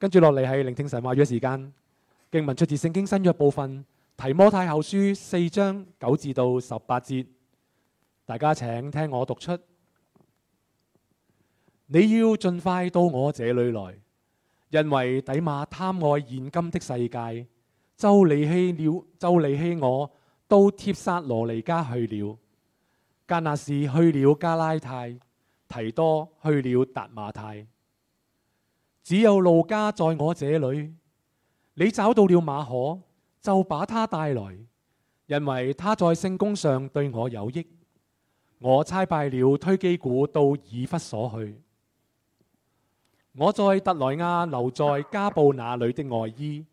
跟住落嚟係聆聽神話語嘅時間。經文出自聖經新約部分提摩太後書四章九至到十八節，大家請聽我讀出：你要盡快到我這裏來，因為底馬貪愛現今的世界，就離棄了，就離棄我到帖撒羅尼迦去了。加拿士去了加拉太，提多去了達馬太。只有路加在我這裏。你找到了馬可，就把他帶來，因為他在聖工上對我有益。我差派了推基古到以弗所去。我在特萊亞留在加布那裏的外衣，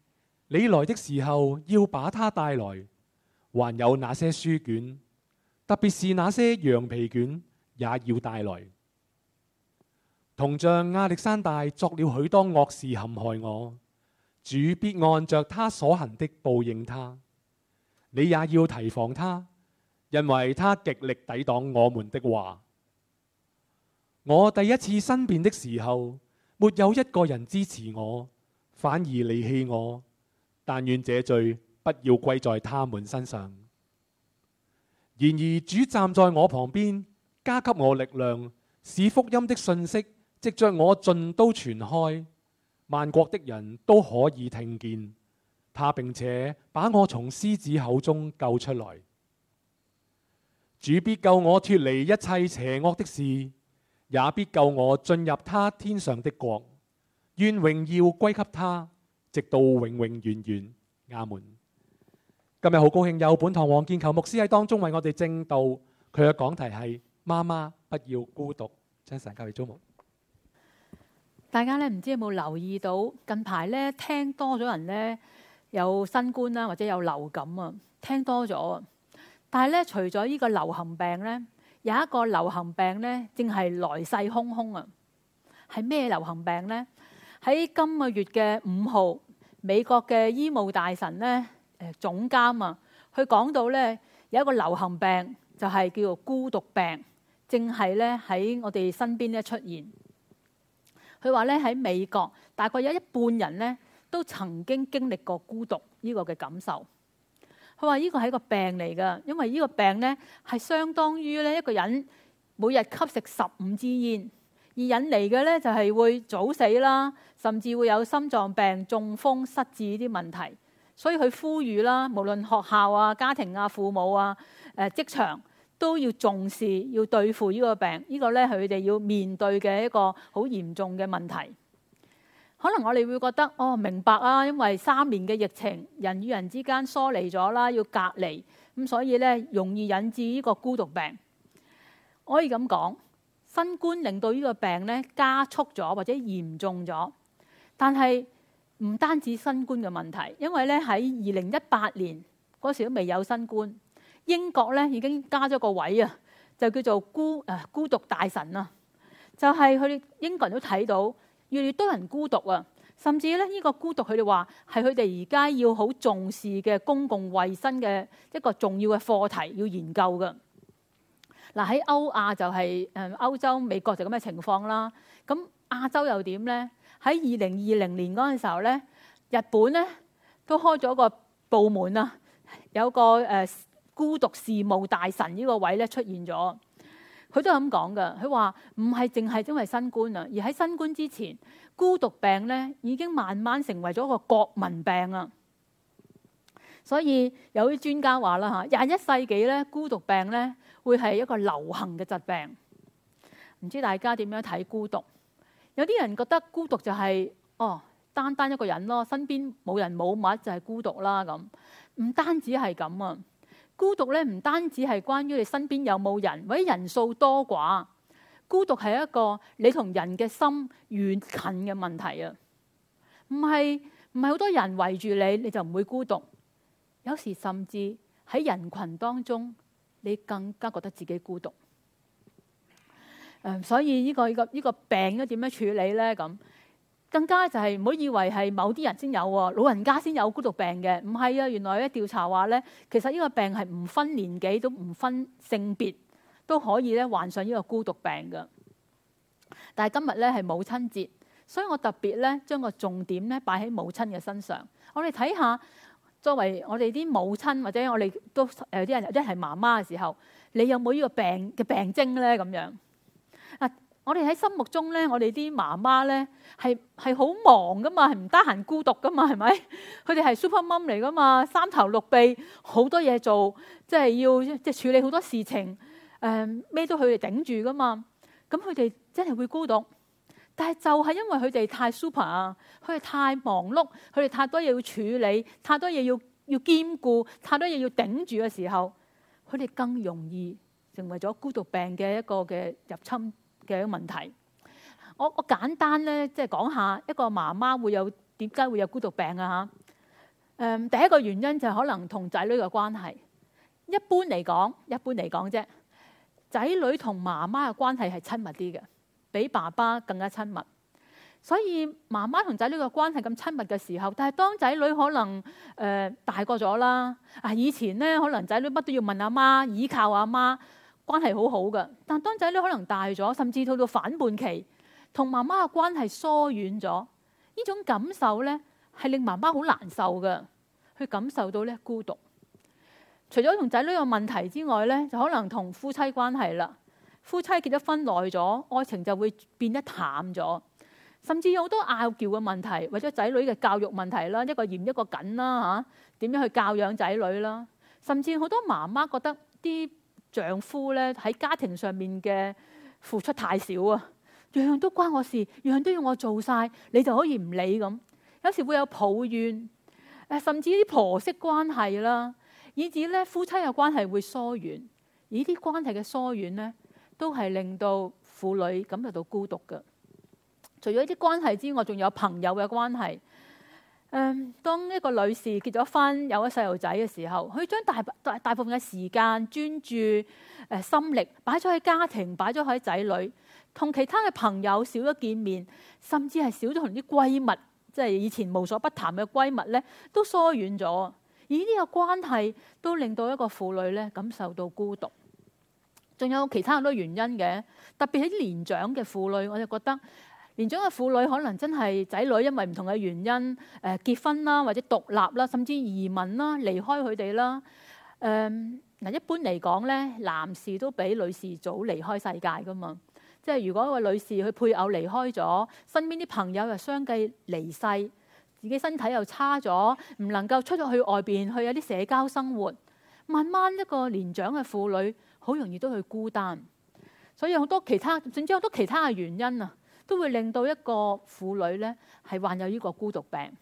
你來的時候要把它帶來，還有那些書卷，特別是那些羊皮卷，也要帶來。同匠亞歷山大作了許多惡事陷害我，主必按着他所行的報應他。你也要提防他，因為他極力抵擋我們的話。我第一次申辯的時候，沒有一個人支持我，反而離棄我。但願這罪不要歸在他們身上。然而主站在我旁邊，加給我力量，使福音的信息。藉着我盡都傳開，萬國的人都可以聽見他，並且把我從獅子口中救出來。主必救我脫離一切邪惡的事，也必救我進入他天上的國。願榮耀歸給他，直到永永遠遠。阿門。今日好高興有本堂黃健逑牧師喺當中為我哋證道，佢嘅講題係媽媽不要孤獨。真神，交俾祖母。」大家咧唔知有冇留意到？近排咧聽多咗人咧有新冠啦，或者有流感啊，聽多咗啊。但係咧，除咗呢個流行病咧，有一個流行病咧正係來勢洶洶啊！係咩流行病呢？喺今個月嘅五號，美國嘅醫務大臣咧誒總監啊，佢講到咧有一個流行病就係叫做孤獨病，正係咧喺我哋身邊咧出現。佢話咧喺美國，大概有一半人咧都曾經經歷過孤獨呢個嘅感受。佢話呢個係一個病嚟㗎，因為呢個病咧係相當於咧一個人每日吸食十五支煙而引嚟嘅咧就係會早死啦，甚至會有心臟病、中風、失智呢啲問題。所以佢呼籲啦，無論學校啊、家庭啊、父母啊、誒、呃、職場，都要重視，要對付呢個病，呢個呢，佢哋要面對嘅一個好嚴重嘅問題。可能我哋會覺得，哦，明白啊，因為三年嘅疫情，人與人之間疏離咗啦，要隔離，咁所以呢，容易引致呢個孤獨病。我可以咁講，新冠令到呢個病呢，加速咗或者嚴重咗，但係唔單止新冠嘅問題，因為呢，喺二零一八年嗰時都未有新冠。英國咧已經加咗個位啊，就叫做孤誒、呃、孤獨大臣啦。就係佢哋英國人都睇到越嚟越多人孤獨啊，甚至咧呢個孤獨他們說，佢哋話係佢哋而家要好重視嘅公共衞生嘅一個重要嘅課題要研究噶。嗱、呃、喺歐亞就係、是、誒、呃、歐洲美國就咁嘅情況啦。咁亞洲又點咧？喺二零二零年嗰陣時候咧，日本咧都開咗個部門啊，有個誒。呃孤獨事務大臣呢個位咧出現咗，佢都係咁講噶。佢話唔係淨係因為新冠啊，而喺新冠之前，孤獨病咧已經慢慢成為咗個國民病啊。所以有啲專家話啦吓，廿一世紀咧孤獨病咧會係一個流行嘅疾病。唔知大家點樣睇孤獨？有啲人覺得孤獨就係哦，單單一個人咯，身邊冇人冇物就係孤獨啦咁。唔單止係咁啊。孤獨咧唔單止係關於你身邊有冇人，或者人數多寡，孤獨係一個你同人嘅心遠近嘅問題啊！唔係唔係好多人圍住你，你就唔會孤獨。有時甚至喺人群當中，你更加覺得自己孤獨，嗯。所以呢個、呢個、呢個病要點樣處理呢？咁。更加就係唔好以為係某啲人先有，老人家先有孤獨病嘅，唔係啊！原來咧調查話咧，其實呢個病係唔分年紀，都唔分性別，都可以咧患上呢個孤獨病㗎。但係今日咧係母親節，所以我特別咧將個重點咧擺喺母親嘅身上。我哋睇下，作為我哋啲母親或者我哋都有啲人有啲係媽媽嘅時候，你有冇呢個病嘅病徵咧？咁樣啊？我哋喺心目中咧，我哋啲媽媽咧係係好忙噶嘛，係唔得閒孤獨噶嘛，係咪？佢哋係 super mom 嚟噶嘛，三頭六臂好多嘢做，即係要即係處理好多事情，誒咩都佢哋頂住噶嘛。咁佢哋真係會孤獨，但係就係因為佢哋太 super 啊，佢哋太忙碌，佢哋太多嘢要處理，太多嘢要要兼顧，太多嘢要頂住嘅時候，佢哋更容易成為咗孤獨病嘅一個嘅入侵。嘅問題，我我簡單咧，即係講下一個媽媽會有點解會有孤獨病啊嚇。誒，第一個原因就係可能同仔女嘅關係。一般嚟講，一般嚟講啫，仔女同媽媽嘅關係係親密啲嘅，比爸爸更加親密。所以媽媽同仔女嘅關係咁親密嘅時候，但係當仔女可能誒大個咗啦，啊以前呢，可能仔女乜都要問阿媽，倚靠阿媽。關係好好嘅，但當仔女可能大咗，甚至到到反叛期，同媽媽嘅關係疏遠咗，呢種感受呢係令媽媽好難受嘅，去感受到呢孤獨。除咗同仔女有問題之外呢，就可能同夫妻關係啦。夫妻結咗婚耐咗，愛情就會變得淡咗，甚至有好多拗撬嘅問題，為咗仔女嘅教育問題啦，一個嚴一個緊啦嚇，點樣去教養仔女啦？甚至好多媽媽覺得啲。丈夫咧，喺家庭上面嘅付出太少啊，樣樣都關我事，樣樣都要我做晒，你就可以唔理咁。有時會有抱怨，誒，甚至啲婆媳關係啦，以致咧，夫妻嘅關係會疏遠，而啲關係嘅疏遠咧，都係令到婦女感受到孤獨嘅。除咗啲關係之外，仲有朋友嘅關係。嗯，當一個女士結咗婚，有咗細路仔嘅時候，佢將大大，大部分嘅時間專注誒、呃、心力擺咗喺家庭，擺咗喺仔女，同其他嘅朋友少咗見面，甚至係少咗同啲閨蜜，即係以前無所不談嘅閨蜜呢，都疏遠咗。而呢個關係都令到一個婦女呢感受到孤獨。仲有其他好多原因嘅，特別係年長嘅婦女，我就覺得。年長嘅婦女可能真係仔女，因為唔同嘅原因，誒結婚啦，或者獨立啦，甚至移民啦，離開佢哋啦。誒、嗯、嗱，一般嚟講咧，男士都比女士早離開世界噶嘛。即係如果個女士佢配偶離開咗，身邊啲朋友又相繼離世，自己身體又差咗，唔能夠出咗去外邊去有啲社交生活，慢慢一個年長嘅婦女好容易都去孤單。所以好多其他甚至好多其他嘅原因啊。都會令到一個婦女咧係患有呢個孤獨病，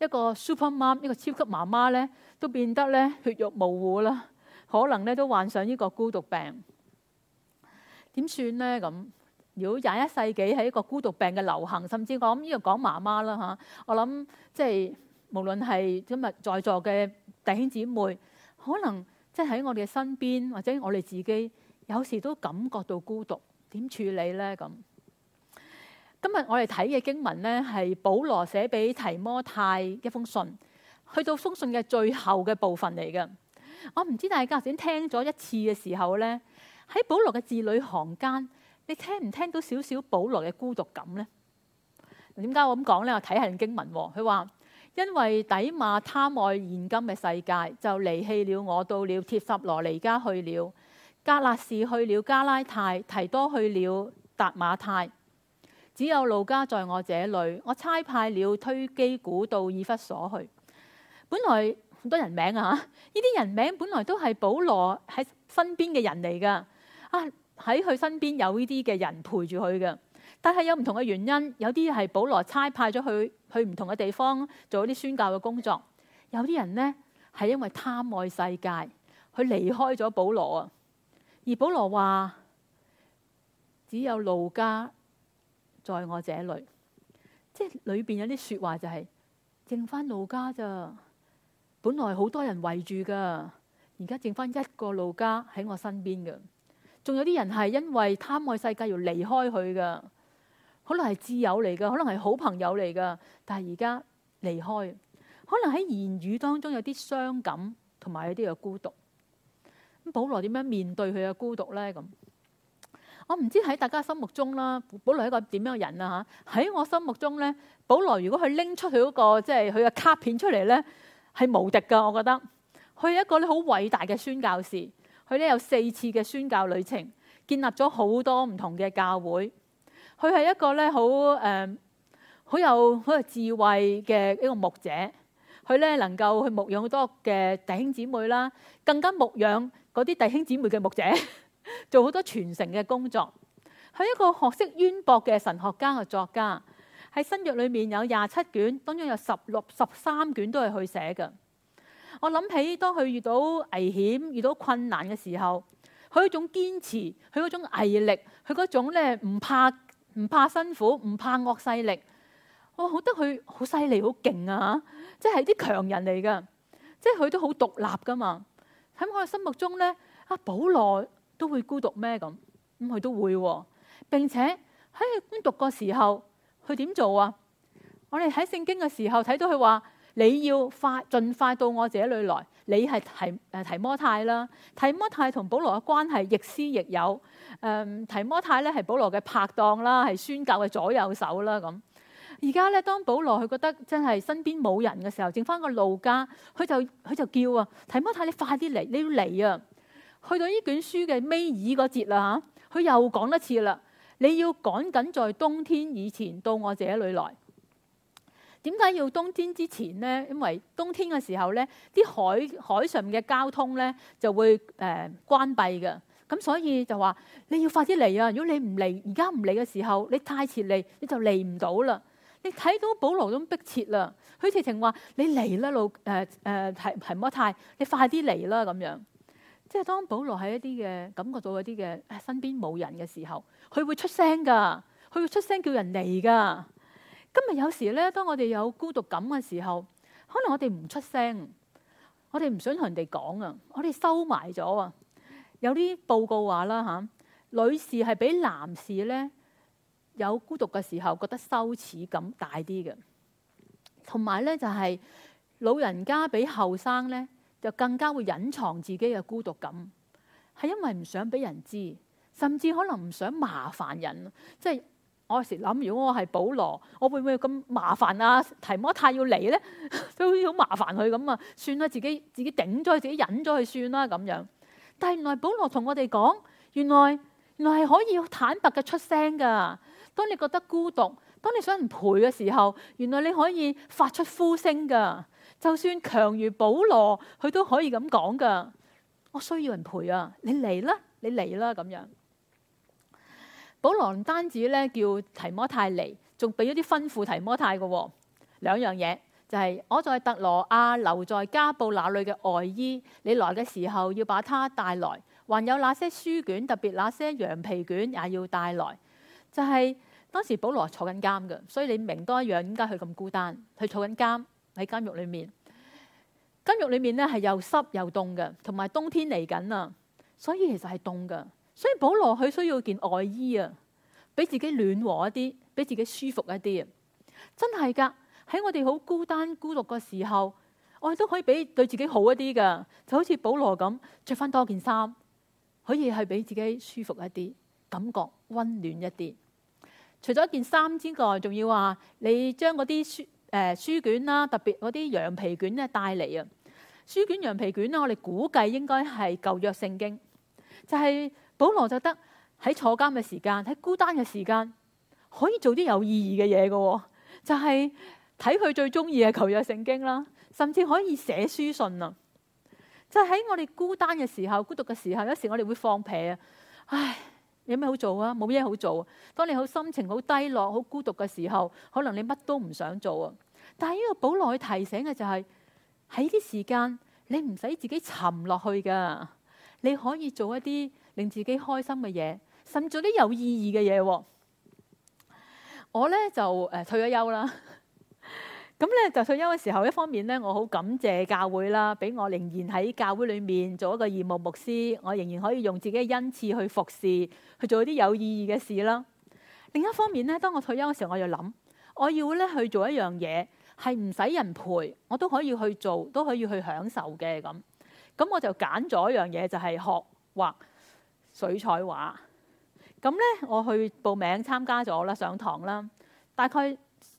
一個 super mom，一個超級媽媽咧都變得咧血肉模糊啦。可能咧都患上呢個孤獨病，點算呢咁？如果廿一世紀係一個孤獨病嘅流行，甚至我諗呢個講媽媽啦嚇，我諗即係無論係今日在座嘅弟兄姊妹，可能即係喺我哋身邊或者我哋自己有時都感覺到孤獨，點處理呢咁？今日我哋睇嘅經文呢，係保羅寫俾提摩太一封信，去到封信嘅最後嘅部分嚟嘅。我唔知大家頭先聽咗一次嘅時候呢，喺保羅嘅字裏行間，你聽唔聽到少少保羅嘅孤獨感呢？點解我咁講呢？我睇下你經文啊，佢話，因為底馬貪愛現今嘅世界，就離棄了我，到了帖撒羅尼迦去了；革勒士去了加拉太，提多去了達馬泰。只有路加在我這裡，我差派了推基古到以弗所去。本來好多人名啊，呢啲人名本來都係保羅喺身邊嘅人嚟噶。啊，喺佢身邊有呢啲嘅人陪住佢嘅，但係有唔同嘅原因，有啲係保羅差派咗去去唔同嘅地方做一啲宣教嘅工作，有啲人呢係因為貪愛世界，佢離開咗保羅啊。而保羅話：只有路加。在我這裏，即係裏邊有啲說話就係、是、剩翻老家咋，本來好多人圍住噶，而家剩翻一個老家喺我身邊噶，仲有啲人係因為貪愛世界要離開佢噶，可能係摯友嚟噶，可能係好朋友嚟噶，但係而家離開，可能喺言語當中有啲傷感，同埋有啲嘅孤獨。咁保羅點樣面對佢嘅孤獨呢？咁？我唔知喺大家心目中啦，保羅係一個點樣嘅人啊？嚇喺我心目中咧，保羅如果佢拎出佢嗰個即係佢嘅卡片出嚟咧，係無敵㗎！我覺得佢係一個咧好偉大嘅宣教士，佢咧有四次嘅宣教旅程，建立咗好多唔同嘅教會。佢係一個咧好誒好有好有智慧嘅一個牧者，佢咧能夠去牧養好多嘅弟兄姊妹啦，更加牧養嗰啲弟兄姊妹嘅牧者。做好多傳承嘅工作，佢一個學識淵博嘅神學家和作家，喺新約裏面有廿七卷，當中有十六、十三卷都係佢寫嘅。我諗起當佢遇到危險、遇到困難嘅時候，佢嗰種堅持，佢嗰種毅力，佢嗰種咧唔怕唔怕辛苦，唔怕惡勢力，我覺得佢好犀利，好勁啊！即係啲強人嚟嘅，即係佢都好獨立噶嘛。喺我嘅心目中咧，阿保羅。都會孤獨咩咁？咁佢都會，並且喺佢孤獨個時候，佢點做啊？我哋喺聖經嘅時候睇到佢話：你要快，盡快到我這裏來。你係提誒提摩太啦，提摩太同保羅嘅關係亦師亦友。誒，提摩太咧係保羅嘅拍檔啦，係宣教嘅左右手啦。咁而家咧，當保羅佢覺得真係身邊冇人嘅時候，剩翻個路加，佢就佢就叫啊：提摩太，你快啲嚟，你要嚟啊！去到呢卷書嘅尾二個節啦嚇，佢又講一次啦。你要趕緊在冬天以前到我這裏來。點解要冬天之前呢？因為冬天嘅時候呢，啲海海上嘅交通呢就會誒、呃、關閉嘅，咁所以就話你要快啲嚟啊！如果你唔嚟，而家唔嚟嘅時候，你太遲嚟你就嚟唔到啦。你睇到保羅都逼切啦，佢直情話：你嚟啦，老誒誒提提摩太，你快啲嚟啦咁樣。即係當保羅喺一啲嘅感覺到一啲嘅，身邊冇人嘅時候，佢會出聲噶，佢會出聲叫人嚟噶。今日有時咧，當我哋有孤獨感嘅時候，可能我哋唔出聲，我哋唔想同人哋講啊，我哋收埋咗啊。有啲報告話啦吓，女士係比男士咧有孤獨嘅時候覺得羞恥感大啲嘅，同埋咧就係老人家比後生咧。就更加會隱藏自己嘅孤獨感，係因為唔想俾人知，甚至可能唔想麻煩人。即係我有時諗，如果我係保羅，我會唔會咁麻煩呀？提摩太要嚟呢，都 好似好麻煩佢咁啊！算啦，自己自己頂咗自己忍咗佢算啦咁樣。但係原來保羅同我哋講，原來原來係可以坦白嘅出聲噶。當你覺得孤獨，當你想人陪嘅時候，原來你可以發出呼聲噶。就算強如保羅，佢都可以咁講噶。我需要人陪啊，你嚟啦，你嚟啦咁樣。保羅唔單止呢叫提摩太嚟，仲俾咗啲吩咐提摩太噶喎。兩樣嘢就係、是、我在特羅亞留在加布那裏嘅外衣，你來嘅時候要把它帶來。還有那些書卷，特別那些羊皮卷也要帶來。就係、是、當時保羅坐緊監嘅，所以你明多一樣，點解佢咁孤單？佢坐緊監。喺監獄裏面，監獄裏面咧係又濕又凍嘅，同埋冬天嚟緊啊，所以其實係凍嘅。所以保羅佢需要件外衣啊，俾自己暖和一啲，俾自己舒服一啲。啊。真係噶，喺我哋好孤單孤獨嘅時候，我哋都可以俾對自己好一啲嘅，就好似保羅咁，着翻多一件衫，可以係俾自己舒服一啲，感覺溫暖一啲。除咗件衫之外，仲要話，你將嗰啲。誒書卷啦，特別嗰啲羊皮卷咧帶嚟啊！書卷、羊皮卷啦，我哋估計應該係舊約聖經，就係保羅就得喺坐監嘅時間，喺孤單嘅時間，可以做啲有意義嘅嘢嘅，就係睇佢最中意嘅舊約聖經啦，甚至可以寫書信啊！就係喺我哋孤單嘅時候，孤獨嘅時候，有時我哋會放屁啊！唉～有咩好做啊？冇嘢好做。當你好心情好低落、好孤獨嘅時候，可能你乜都唔想做啊。但係呢個保羅提醒嘅就係、是，喺啲時間你唔使自己沉落去噶，你可以做一啲令自己開心嘅嘢，甚至啲有意義嘅嘢。我咧就誒、呃、退咗休啦。咁咧，就退休嘅時候，一方面咧，我好感謝教會啦，俾我仍然喺教會裏面做一個義務牧師，我仍然可以用自己嘅恩賜去服侍，去做啲有意義嘅事啦。另一方面咧，當我退休嘅時候，我就諗，我要咧去做一樣嘢，係唔使人陪，我都可以去做，都可以去享受嘅咁。咁我就揀咗一樣嘢，就係學畫水彩畫。咁咧，我去報名參加咗啦，上堂啦，大概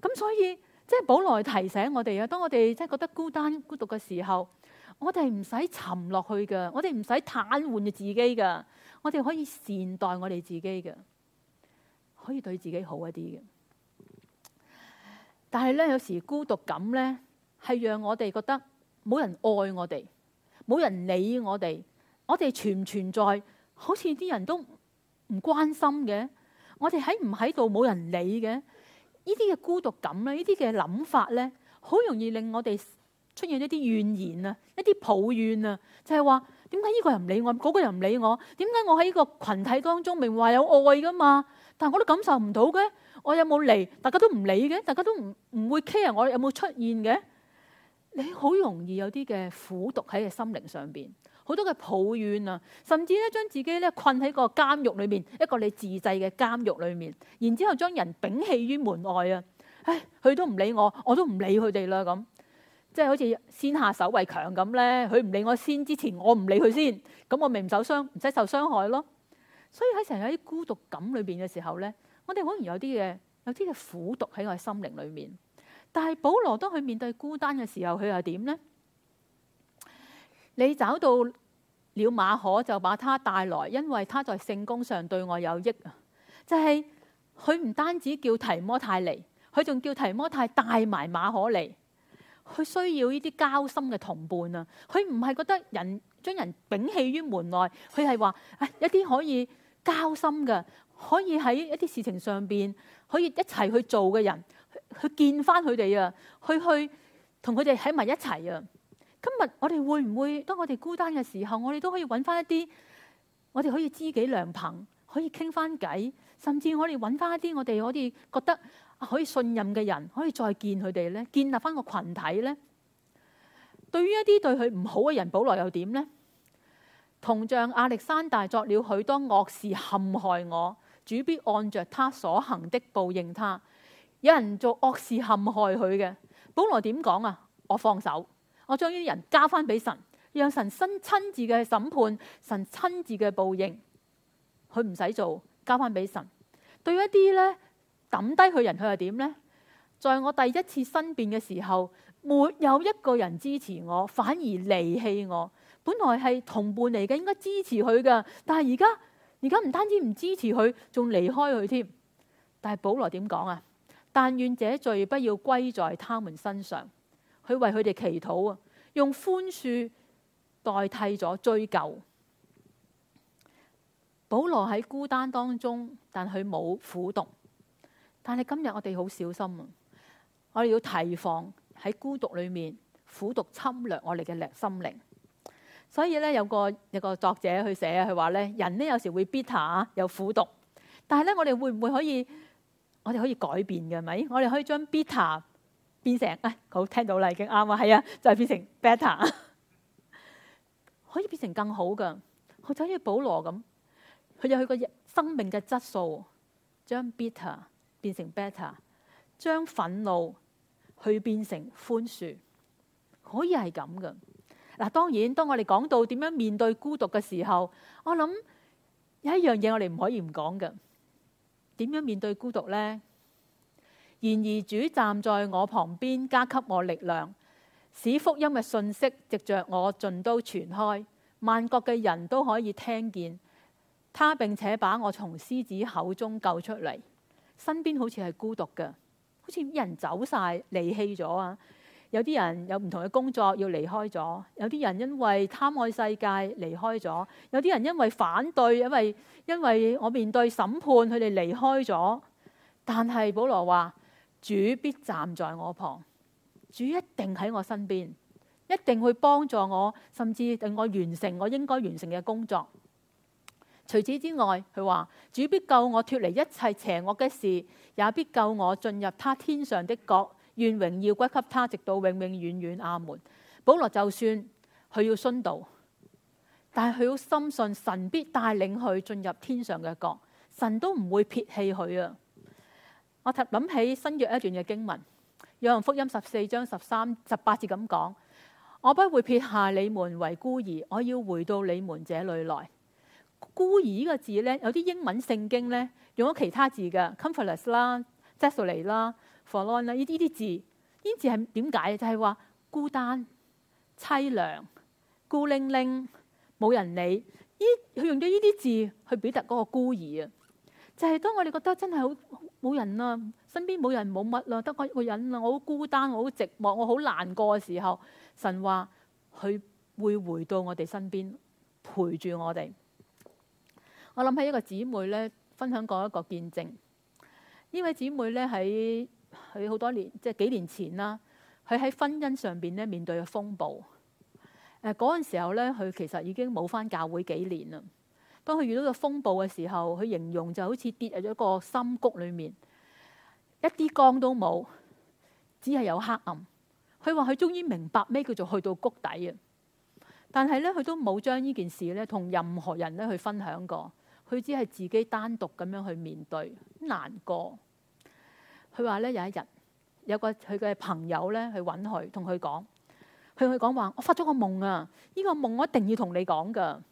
咁所以，即係保羅提醒我哋啊，當我哋即係覺得孤單、孤獨嘅時候，我哋唔使沉落去嘅，我哋唔使癱瘓住自己嘅，我哋可以善待我哋自己嘅，可以對自己好一啲嘅。但係咧，有時孤獨感咧，係讓我哋覺得冇人愛我哋，冇人理我哋，我哋存唔存在，好似啲人都唔關心嘅，我哋喺唔喺度冇人理嘅。呢啲嘅孤獨感咧，呢啲嘅諗法咧，好容易令我哋出現一啲怨言啊，一啲抱怨啊，就係話點解呢個人唔理我，嗰個人唔理我，點解我喺呢個群體當中明明話有愛噶嘛，但係我都感受唔到嘅，我有冇嚟？大家都唔理嘅，大家都唔唔會 care 我，我有冇出現嘅，你好容易有啲嘅苦毒喺嘅心靈上邊。好多嘅抱怨啊，甚至咧，將自己咧困喺個監獄裏面，一個你自製嘅監獄裏面，然之後將人摒棄於門外啊！唉，佢都唔理我，我都唔理佢哋啦，咁，即係好似先下手為強咁咧。佢唔理我先之前，我唔理佢先，咁我咪唔受傷，唔使受傷害咯。所以喺成日啲孤獨感裏邊嘅時候咧，我哋好容易有啲嘢，有啲嘅苦毒喺我嘅心靈裏面。但係保羅當佢面對孤單嘅時候，佢又點咧？你找到了馬可，就把他帶來，因為他在聖工上對我有益啊！就係佢唔單止叫提摩太嚟，佢仲叫提摩太帶埋馬可嚟。佢需要呢啲交心嘅同伴啊！佢唔係覺得人將人摒棄於門內，佢係話一啲可以交心嘅，可以喺一啲事情上邊可以一齊去做嘅人，去見返佢哋啊，去去同佢哋喺埋一齊啊！今日我哋會唔會當我哋孤單嘅時候，我哋都可以揾翻一啲我哋可以知己良朋，可以傾翻偈，甚至我哋揾翻一啲我哋可以覺得可以信任嘅人，可以再見佢哋呢，建立翻個群體呢？對於一啲對佢唔好嘅人，保羅又點呢？銅匠亞歷山大作了許多惡事陷害我，主必按着他所行的報應他。有人做惡事陷害佢嘅，保羅點講啊？我放手。我將呢啲人交翻俾神，讓神親親自嘅審判，神親自嘅報應，佢唔使做，交翻俾神。對於一啲呢，揼低佢人，佢又點呢？在我第一次申辯嘅時候，沒有一個人支持我，反而離棄我。本來係同伴嚟嘅，應該支持佢嘅，但係而家而家唔單止唔支持佢，仲離開佢添。但係保羅點講啊？但願這罪不要歸在他們身上。佢為佢哋祈禱啊，用寬恕代替咗追究。保羅喺孤單當中，但佢冇苦毒。但係今日我哋好小心啊！我哋要提防喺孤獨裏面苦毒侵略我哋嘅靈心靈。所以咧，有個有個作者去寫佢話咧，人呢，有時候會 bitter，有苦毒。但係咧，我哋會唔會可以？我哋可以改變嘅，係咪？我哋可以將 bitter。變成，哎，好聽到啦，已經啱啊，係啊，就係、是、變成 better， 可以變成更好噶。好似保羅咁，佢有佢個生命嘅質素，將 bitter 變成 better，將憤怒去變成寬恕，可以係咁噶。嗱，當然當我哋講到點樣面對孤獨嘅時候，我諗有一樣嘢我哋唔可以唔講噶，點樣面對孤獨呢？然而主站在我旁邊，加給我力量，使福音嘅信息藉着我盡都傳開，萬國嘅人都可以聽見他，並且把我從獅子口中救出嚟。身邊好似係孤獨嘅，好似人走晒，離棄咗啊！有啲人有唔同嘅工作要離開咗，有啲人因為貪愛世界離開咗，有啲人因為反對，因為因為我面對審判，佢哋離開咗。但係保羅話。主必站在我旁，主一定喺我身邊，一定會幫助我，甚至令我完成我應該完成嘅工作。除此之外，佢話主必救我脫離一切邪惡嘅事，也必救我進入他天上的國，願榮耀歸給他，直到永永遠遠。阿門。保羅就算佢要殉道，但係佢都深信神必帶領佢進入天上嘅國，神都唔會撇棄佢啊。我諗起新約一段嘅經文，約翰福音十四章十三十八節咁講：我不會撇下你們為孤兒，我要回到你們這裡來。孤兒呢個字呢，有啲英文聖經呢用咗其他字嘅，comfortless 啦、desolate 啦、forlorn 啦。呢啲啲字，呢啲字係點解？就係話孤單、淒涼、孤零零、冇人理。依佢用咗呢啲字去表達嗰個孤兒啊。就係當我哋覺得真係好冇人啊，身邊冇人冇乜咯，得我一個人咯，我好孤單，我好寂寞，我好難過嘅時候，神話佢會回到我哋身邊陪住我哋。我諗起一個姊妹呢，分享過一個見證。呢位姊妹呢，喺佢好多年，即係幾年前啦，佢喺婚姻上邊咧面對嘅風暴。誒嗰陣時候呢，佢其實已經冇返教會幾年啦。當佢遇到個風暴嘅時候，佢形容就好似跌入咗一個深谷裏面，一啲光都冇，只係有黑暗。佢話佢終於明白咩叫做去到谷底啊！但係呢，佢都冇將呢件事呢同任何人呢去分享過，佢只係自己單獨咁樣去面對難過。佢話呢，有一日有個佢嘅朋友呢去揾佢，同佢講，佢同佢講話：我發咗個夢啊！呢個夢我一定要同你講噶。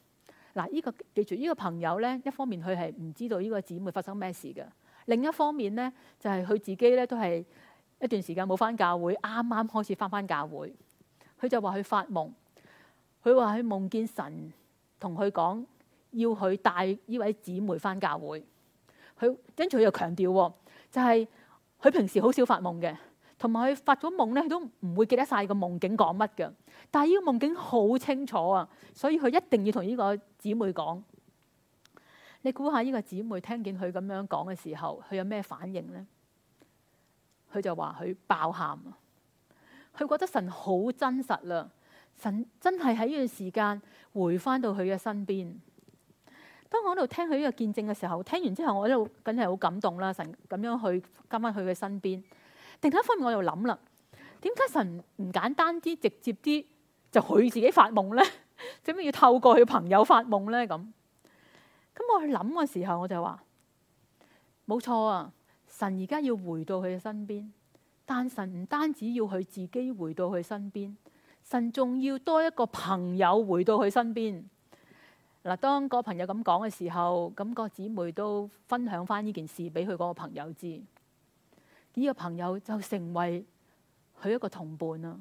嗱、這個，呢個記住，呢、這個朋友呢，一方面佢係唔知道呢個姊妹發生咩事嘅，另一方面呢，就係、是、佢自己呢都係一段時間冇返教會，啱啱開始返返教會，佢就話佢發夢，佢話佢夢見神同佢講要佢帶呢位姊妹返教會，佢跟住佢又強調，就係、是、佢平時好少發夢嘅。同埋佢發咗夢咧，佢都唔會記得晒個夢境講乜嘅。但係呢個夢境好清楚啊，所以佢一定要同呢個姊妹講。你估下呢個姊妹聽見佢咁樣講嘅時候，佢有咩反應呢？佢就話佢爆喊啊！佢覺得神好真實啦，神真係喺呢段時間回返到佢嘅身邊。當我喺度聽佢呢個見證嘅時候，聽完之後我喺度梗係好感動啦。神咁樣去加返佢嘅身邊。另一方面我就想了，我又諗啦，點解神唔簡單啲，直接啲，就佢自己發夢呢？點 解要透過佢朋友發夢呢？咁咁我去諗嘅時候，我就話：冇錯啊，神而家要回到佢嘅身邊，但神唔單止要佢自己回到佢身邊，神仲要多一個朋友回到佢身邊。嗱，當個朋友咁講嘅時候，咁，個姊妹都分享翻呢件事俾佢嗰個朋友知。呢個朋友就成為佢一個同伴啊。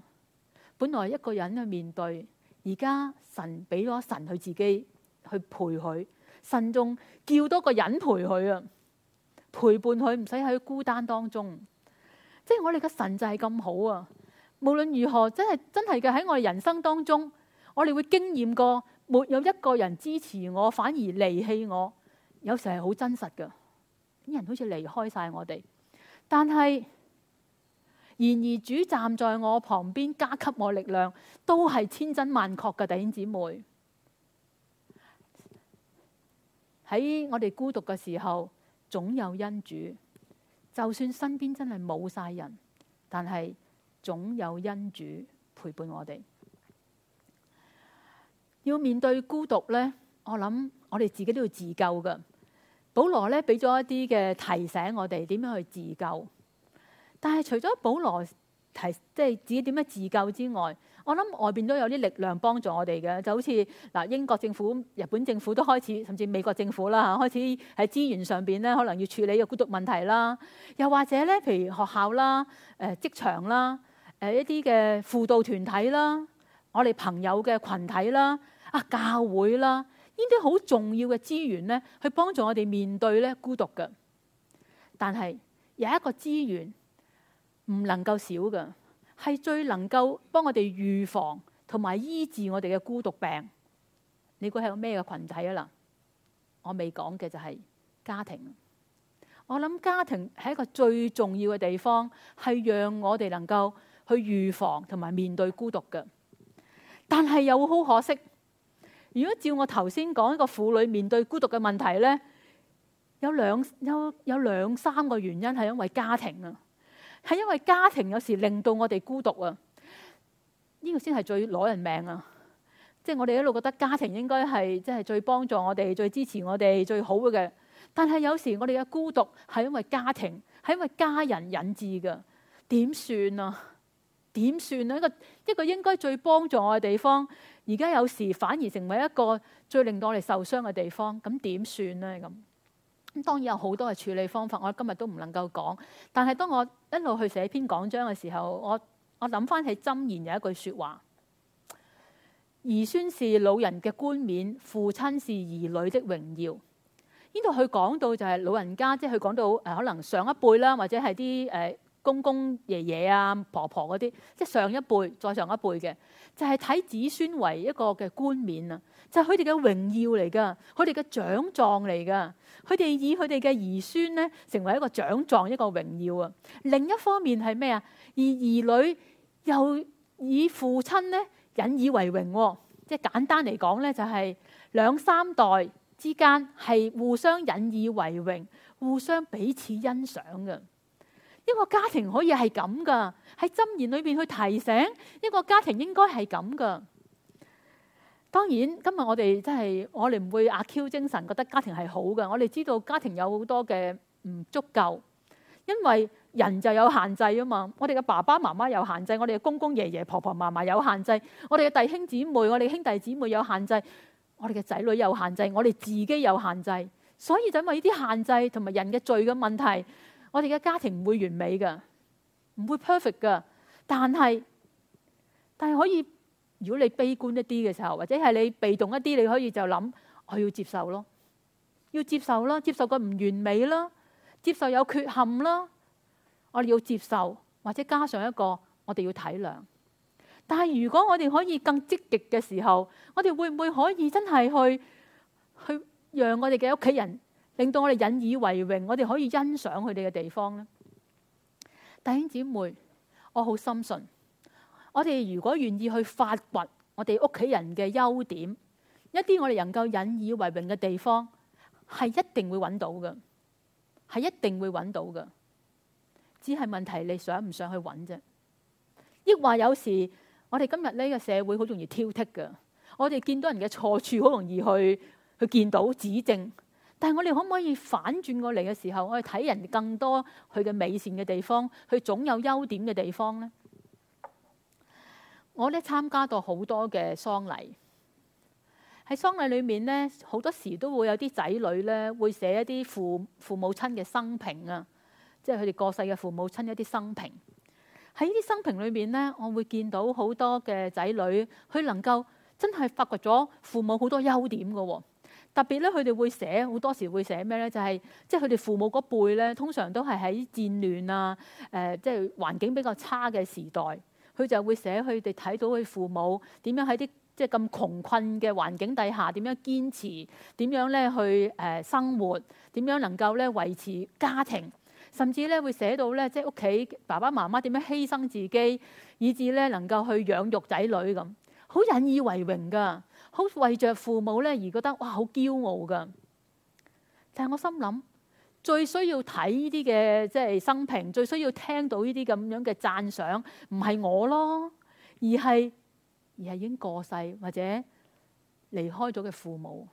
本來一個人去面對，而家神俾咗神佢自己去陪佢，神仲叫多個人陪佢啊，陪伴佢唔使喺孤單當中。即係我哋嘅神就係咁好啊！無論如何，真係真係嘅喺我哋人生當中，我哋會經驗過沒有一個人支持我，反而離棄我，有時係好真實噶。啲人好似離開晒我哋。但係，然而主站在我旁邊，加給我力量，都係千真萬確嘅，弟兄姊妹。喺我哋孤獨嘅時候，總有恩主。就算身邊真係冇晒人，但係總有恩主陪伴我哋。要面對孤獨呢，我諗我哋自己都要自救㗎。保羅咧，俾咗一啲嘅提醒，我哋點樣去自救。但係除咗保羅提，即係自己點樣自救之外，我諗外邊都有啲力量幫助我哋嘅，就好似嗱，英國政府、日本政府都開始，甚至美國政府啦嚇，開始喺資源上面咧，可能要處理嘅孤獨問題啦，又或者咧，譬如學校啦、誒職場啦、誒一啲嘅輔導團體啦、我哋朋友嘅群體啦、啊教會啦，呢啲好重要嘅資源呢，去幫助我哋面對呢孤獨嘅。但係有一個資源唔能夠少嘅，係最能夠幫我哋預防同埋醫治我哋嘅孤獨病。你估係個咩嘅群體啊？嗱，我未講嘅就係家庭。我諗家庭係一個最重要嘅地方，係讓我哋能夠去預防同埋面對孤獨嘅。但係又好可惜。如果照我頭先講，一個婦女面對孤獨嘅問題呢，有兩有有兩三個原因係因為家庭啊，係因為家庭有時令到我哋孤獨啊，呢個先係最攞人命啊！即係我哋一路覺得家庭應該係即係最幫助我哋、最支持我哋、最好嘅，但係有時我哋嘅孤獨係因為家庭，係因為家人引致嘅，點算啊？點算呢？一個一個應該最幫助我嘅地方，而家有時反而成為一個最令到我哋受傷嘅地方。咁點算呢？咁咁當然有好多嘅處理方法，我今日都唔能夠講。但係當我一路去寫篇講章嘅時候，我我諗翻起《箴言》有一句説話：兒孫是老人嘅冠冕，父親是兒女的榮耀。呢度佢講到就係老人家，即係佢講到可能上一輩啦，或者係啲誒。呃公公、爺爺啊、婆婆嗰啲，即係上一輩、再上一輩嘅，就係、是、睇子孫為一個嘅冠冕啊，就係佢哋嘅榮耀嚟㗎，佢哋嘅獎狀嚟㗎，佢哋以佢哋嘅兒孫咧成為一個獎狀、一個榮耀啊。另一方面係咩啊？而兒女又以父親咧引以為榮、哦，即係簡單嚟講咧，就係、是、兩三代之間係互相引以為榮，互相彼此欣賞嘅。一個家庭可以係咁噶喺箴言裏邊去提醒一個家庭應該係咁噶。當然今日我哋真係我哋唔會阿 Q 精神，覺得家庭係好噶。我哋知道家庭有好多嘅唔足夠，因為人就有限制啊嘛。我哋嘅爸爸媽媽有限制，我哋嘅公公爺爺婆婆嫲嫲有限制，我哋嘅弟兄姊妹、我哋兄弟姊妹有限制，我哋嘅仔女有限制，我哋自己有限制。所以就因為呢啲限制同埋人嘅罪嘅問題。我哋嘅家庭唔會完美㗎，唔會 perfect 㗎，但係但係可以，如果你悲觀一啲嘅時候，或者係你被動一啲，你可以就諗，我要接受咯，要接受啦，接受個唔完美啦，接受有缺陷啦，我哋要接受，或者加上一個，我哋要體諒。但係如果我哋可以更積極嘅時候，我哋會唔會可以真係去去讓我哋嘅屋企人？令到我哋引以為榮，我哋可以欣賞佢哋嘅地方咧。弟兄姊妹，我好深信，我哋如果願意去發掘我哋屋企人嘅優點，一啲我哋能夠引以為榮嘅地方，係一定會揾到嘅，係一定會揾到嘅。只係問題你想唔想去揾啫。抑或有時我哋今日呢個社會好容易挑剔嘅，我哋見到人嘅錯處，好容易去去見到指正。但係我哋可唔可以反轉過嚟嘅時候，我哋睇人更多佢嘅美善嘅地方，佢總有優點嘅地方呢？我呢參加到好多嘅喪禮，喺喪禮裏面呢，好多時都會有啲仔女呢會寫一啲父父母親嘅生平啊，即係佢哋過世嘅父母親一啲生平。喺呢啲生平裏面呢，我會見到好多嘅仔女，佢能夠真係發掘咗父母好多優點嘅。特別咧，佢哋會寫好多時會寫咩咧？就係即係佢哋父母嗰輩咧，通常都係喺戰亂啊，誒，即係環境比較差嘅時代，佢就會寫佢哋睇到佢父母點樣喺啲即係咁窮困嘅環境底下點樣堅持，點樣咧去誒生活，點樣能夠咧維持家庭，甚至咧會寫到咧即係屋企爸爸媽媽點樣犧牲自己，以至咧能夠去養育仔女咁，好引以為榮㗎。好為着父母咧而覺得哇好驕傲噶，但係我心諗，最需要睇呢啲嘅即係生平，最需要聽到呢啲咁樣嘅讚賞，唔係我咯，而係而係已經過世或者離開咗嘅父母。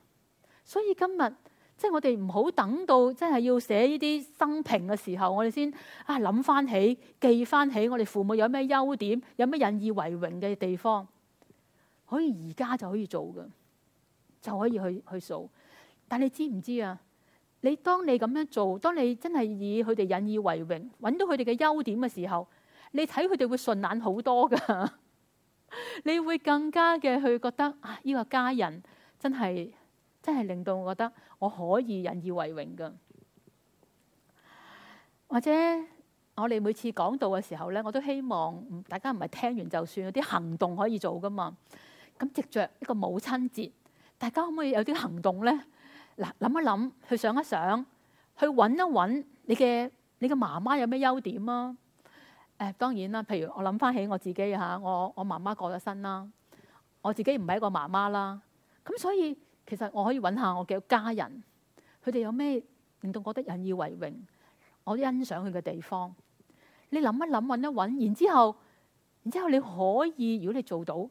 所以今日即係我哋唔好等到即係要寫呢啲生平嘅時候，我哋先啊諗翻起記翻起我哋父母有咩優點，有咩引以為榮嘅地方。可以而家就可以做嘅，就可以去去數，但你知唔知啊？你當你咁樣做，當你真係以佢哋引以為榮，揾到佢哋嘅優點嘅時候，你睇佢哋會順眼好多噶。 你會更加嘅去覺得啊，呢、這個家人真係真係令到我覺得我可以引以為榮噶。或者我哋每次講道嘅時候咧，我都希望大家唔係聽完就算，有啲行動可以做噶嘛。咁藉着一個母親節，大家可唔可以有啲行動呢？嗱，諗一諗，去想一想，去揾一揾你嘅你嘅媽媽有咩優點啊？誒、呃，當然啦，譬如我諗翻起我自己嚇，我我媽媽過咗身啦，我自己唔係一個媽媽啦，咁所以其實我可以揾下我嘅家人，佢哋有咩令到我覺得引以為榮，我都欣賞佢嘅地方。你諗一諗，揾一揾，然之後，然之後你可以，如果你做到。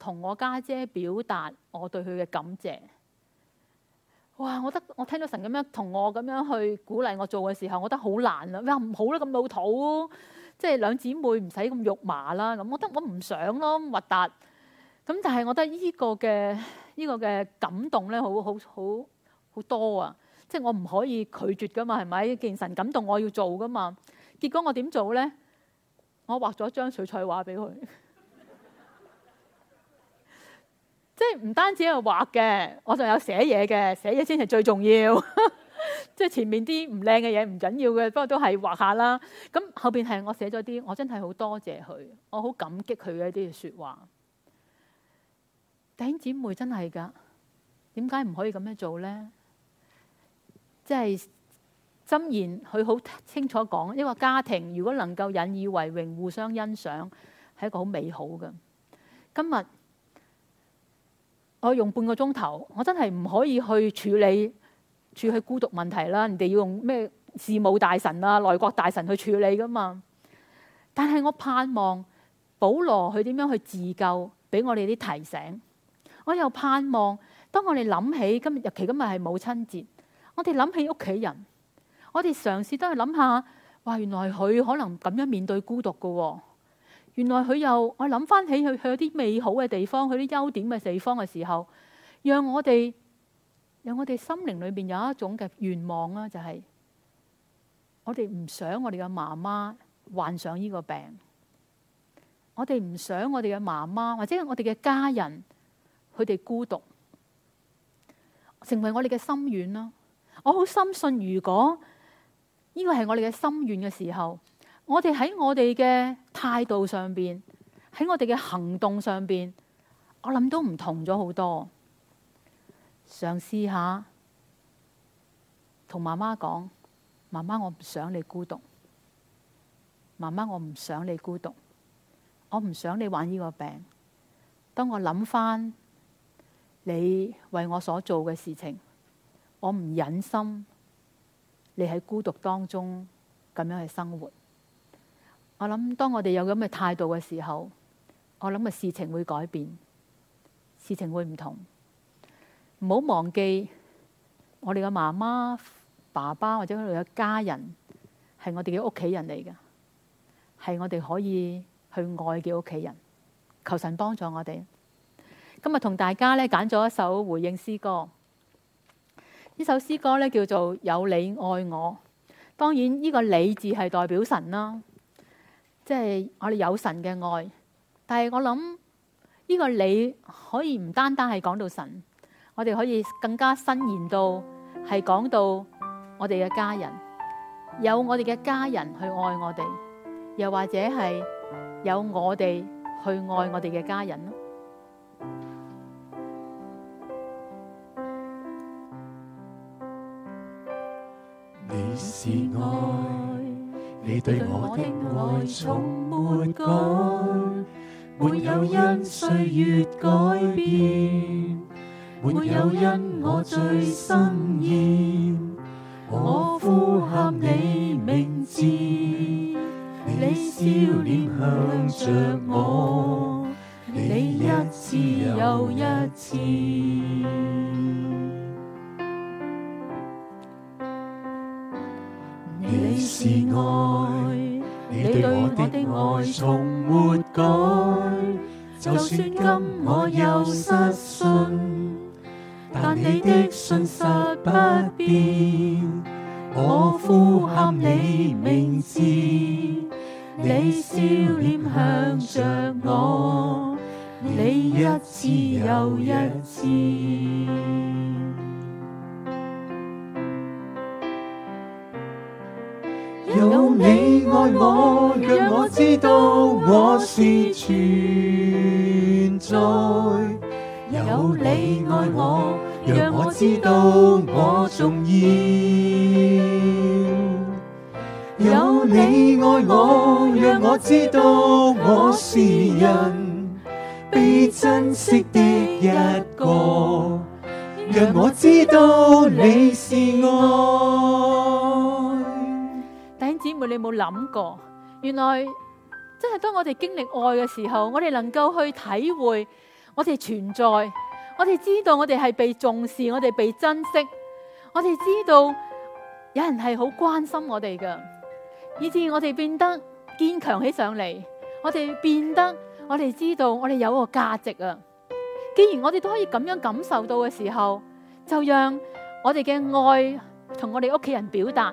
同我家姐表達我對佢嘅感謝。哇！我覺得我聽到神咁樣同我咁樣去鼓勵我做嘅時候，我覺得好難啦。哇！唔好啦，咁老土，即係兩姊妹唔使咁肉麻啦。咁我覺得我唔想咯，核突。咁但係我覺得呢個嘅呢個嘅感動咧，好好好好多啊！即係我唔可以拒絕噶嘛，係咪？既然神感動我要做噶嘛，結果我點做咧？我畫咗張水彩畫俾佢。即係唔單止係畫嘅，我仲有寫嘢嘅，寫嘢先係最重要。 即係前面啲唔靚嘅嘢唔緊要嘅，不過都係畫一下啦。咁後邊係我寫咗啲，我真係好多謝佢，我好感激佢嘅一啲說話。弟兄姊妹真係噶，點解唔可以咁樣做呢？即係箴言，佢好清楚講，一個家庭如果能夠引以為榮，互相欣賞，係一個好美好嘅。今日。我用半個鐘頭，我真係唔可以去處理處理孤獨問題啦。人哋要用咩事務大臣啊、內閣大臣去處理㗎嘛。但係我盼望保羅佢點樣去自救，俾我哋啲提醒。我又盼望當我哋諗起今日尤其今日係母親節，我哋諗起屋企人，我哋嘗試都去諗下，哇！原來佢可能咁樣面對孤獨㗎喎。原來佢又，我諗翻起佢有啲美好嘅地方，去啲優點嘅地方嘅時候，讓我哋，讓我哋心靈裏邊有一種嘅願望啦，就係我哋唔想我哋嘅媽媽患上呢個病，我哋唔想我哋嘅媽媽或者我哋嘅家人佢哋孤獨，成為我哋嘅心願啦。我好深信，如果呢個係我哋嘅心願嘅時候。我哋喺我哋嘅態度上邊，喺我哋嘅行動上邊，我諗都唔同咗好多。嘗試下同媽媽講：媽媽，我唔想你孤獨。媽媽，我唔想你孤獨。我唔想你玩呢個病。當我諗翻你為我所做嘅事情，我唔忍心你喺孤獨當中咁樣去生活。我諗，當我哋有咁嘅態度嘅時候，我諗嘅事情會改變，事情會唔同。唔好忘記我哋嘅媽媽、爸爸或者我哋嘅家人係我哋嘅屋企人嚟㗎。係我哋可以去愛嘅屋企人。求神幫助我哋。今日同大家呢揀咗一首回應詩歌，呢首詩歌呢叫做《有你愛我》。當然、這個，呢個你字係代表神啦。即係我哋有神嘅愛，但係我諗呢個你可以唔單單係講到神，我哋可以更加伸延到係講到我哋嘅家人，有我哋嘅家人去愛我哋，又或者係有我哋去愛我哋嘅家人咯。你是愛。你對我的愛從沒改，沒有因歲月改變，沒有因我最心意，我呼喊你名字，你笑臉向着我，你一次又一次。愛，你對我的愛從沒改。就算今我又失信，但你的信實不變。我呼喊你名字，你笑臉向着我，你一次又一次。有你愛我，讓我知道我是存在。有你愛我，讓我知道我重要。有你愛我，讓我知道我是人被珍惜的一個。讓我知道你是我。姊妹，你冇諗過，原來真係當我哋經歷愛嘅時候，我哋能夠去體會我哋存在，我哋知道我哋係被重視，我哋被珍惜，我哋知道有人係好關心我哋噶，以致我哋變得堅強起上嚟，我哋變得我哋知道我哋有個價值啊！既然我哋都可以咁樣感受到嘅時候，就讓我哋嘅愛同我哋屋企人表達。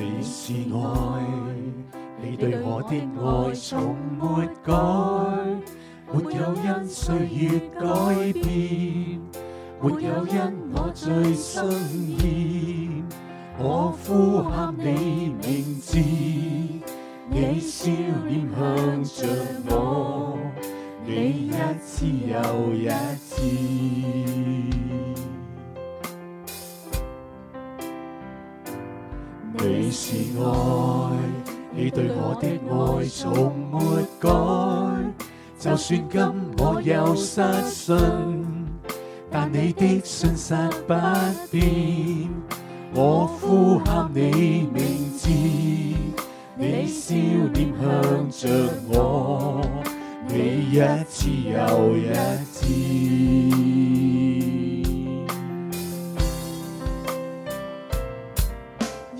你是愛，你對我的愛從沒改，沒有因歲月改變，沒有因我最深愛。我呼喊你名字，你笑臉向着我，你一次又一次。對我的愛從沒改，就算今我有失信，但你的信實不變。我呼喊你名字，你笑臉向着我，你一次又一次。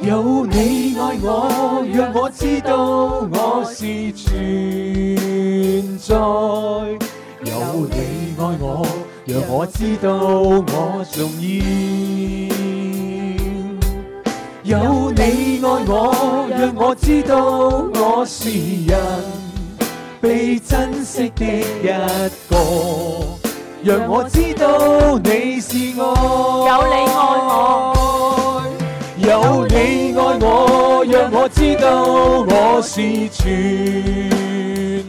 有你愛我，讓我知道我是存在。有你愛我，讓我知道我重要。有你愛我，讓我知道我是人被珍惜的一個。讓我知道你是愛我。有你愛我。讓我知道我是存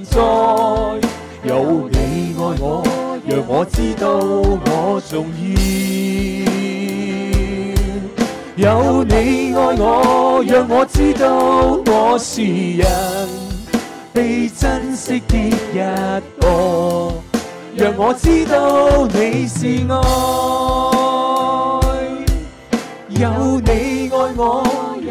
在，有你愛我，讓我知道我重要。有你愛我，讓我知道我是人，被珍惜的一個。讓我知道你是愛，有你愛我。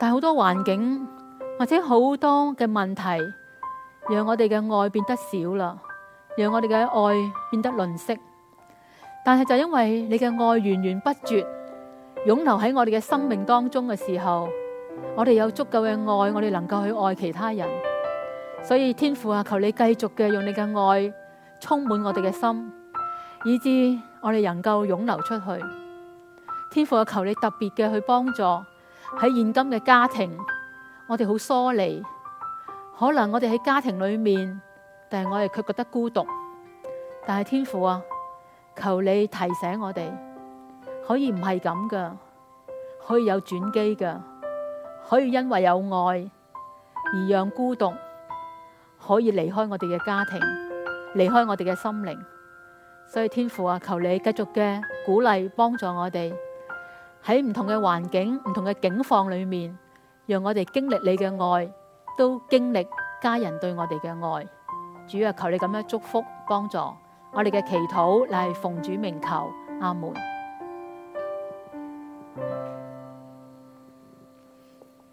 但係好多環境或者好多嘅問題，讓我哋嘅愛變得少啦，讓我哋嘅愛變得吝嗇。但係就因為你嘅愛源源不絕，湧流喺我哋嘅生命當中嘅時候，我哋有足夠嘅愛，我哋能夠去愛其他人。所以天父啊，求你繼續嘅用你嘅愛充滿我哋嘅心，以致我哋能夠湧流出去。天父啊，求你特別嘅去幫助。喺現今嘅家庭，我哋好疏離，可能我哋喺家庭裏面，但係我哋卻覺得孤獨。但係天父啊，求你提醒我哋，可以唔係咁噶，可以有轉機噶，可以因為有愛而讓孤獨可以離開我哋嘅家庭，離開我哋嘅心靈。所以天父啊，求你繼續嘅鼓勵幫助我哋。喺唔同嘅環境、唔同嘅境況裏面，讓我哋經歷你嘅愛，都經歷家人對我哋嘅愛。主要求你咁樣祝福幫助我哋嘅祈禱，乃係奉主名求，阿門。